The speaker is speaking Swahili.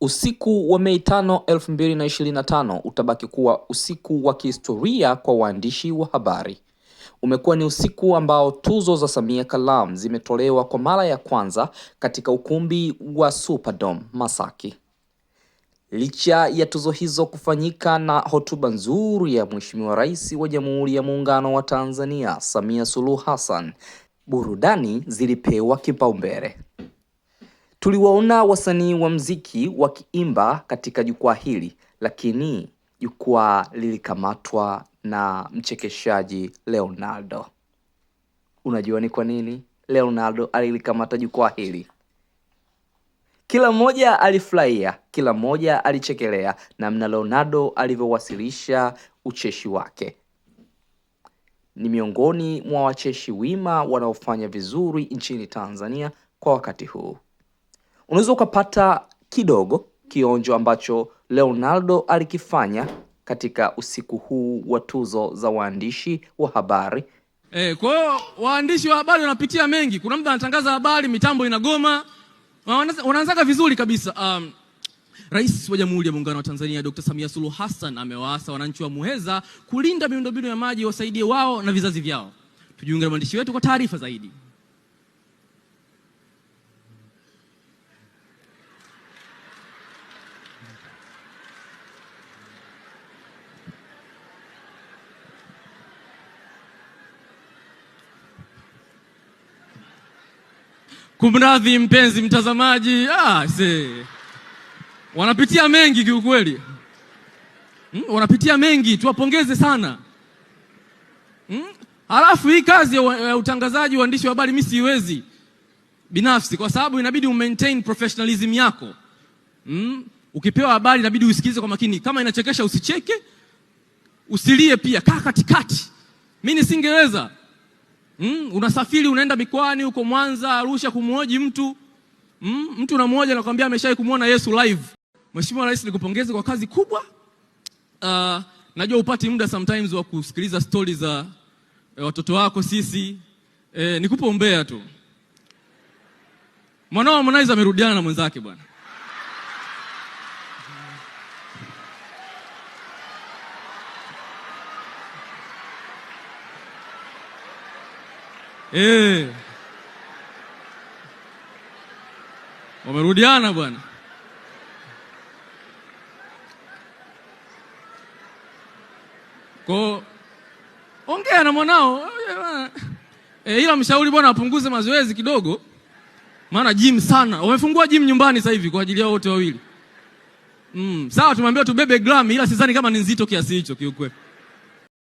Usiku wa Mei 5, 2025 utabaki kuwa usiku wa kihistoria kwa waandishi wa habari. Umekuwa ni usiku ambao tuzo za Samia kalam zimetolewa kwa mara ya kwanza katika ukumbi wa Superdome Masaki. Licha ya tuzo hizo kufanyika na hotuba nzuri ya Mheshimiwa Rais wa Jamhuri ya Muungano wa Tanzania, Samia Suluhu Hassan, burudani zilipewa kipaumbele. Tuliwaona wasanii wa mziki wakiimba katika jukwaa hili, lakini jukwaa lilikamatwa na mchekeshaji Leonardo. Unajua ni kwa nini Leonardo alilikamata jukwaa hili? Kila mmoja alifurahia, kila mmoja alichekelea namna Leonardo alivyowasilisha ucheshi wake. Ni miongoni mwa wacheshi wima wanaofanya vizuri nchini Tanzania kwa wakati huu unaweza ukapata kidogo kionjo ambacho Leonardo alikifanya katika usiku huu wa tuzo za waandishi wa habari. Eh, kwa hiyo waandishi wa habari wanapitia mengi. Kuna mtu anatangaza habari, mitambo inagoma, wanaanzaga vizuri kabisa. Um, Rais wa Jamhuri ya Muungano wa Tanzania Dr. Samia Suluhu Hassan amewaasa wananchi wa Muheza kulinda miundombinu ya maji wasaidie wao na vizazi vyao. Tujiunge na mwandishi wetu kwa taarifa zaidi. Kumradhi mpenzi mtazamaji, ah, Wanapitia mengi kiukweli, hmm? Wanapitia mengi, tuwapongeze sana hmm? Halafu hii kazi ya utangazaji, uandishi wa habari, mimi siwezi binafsi, kwa sababu inabidi umaintain professionalism yako hmm? Ukipewa habari inabidi usikilize kwa makini, kama inachekesha usicheke, usilie pia, kaa katikati. Mimi nisingeweza mm, unasafiri unaenda mikoani huko Mwanza, Arusha kumwoji mtu mm, mtu namwoja nakwambia ameshawahi kumwona Yesu live. Mheshimiwa Rais, nikupongeze kwa kazi kubwa. Uh, najua upati muda sometimes wa kusikiliza stori za uh, watoto wako sisi e, eh, nikupombea tu. Mwanao Harmonize amerudiana na mwenzake bwana. Eh. Wamerudiana bwana. Ko ongea na mwanao e, ila mshauri bwana apunguze mazoezi kidogo, maana gym sana. Wamefungua gym nyumbani sasa hivi kwa ajili yao wote wawili. Mm, sawa tumwambia tubebe gramu, ila sidhani kama ni nzito kiasi hicho kiukweli.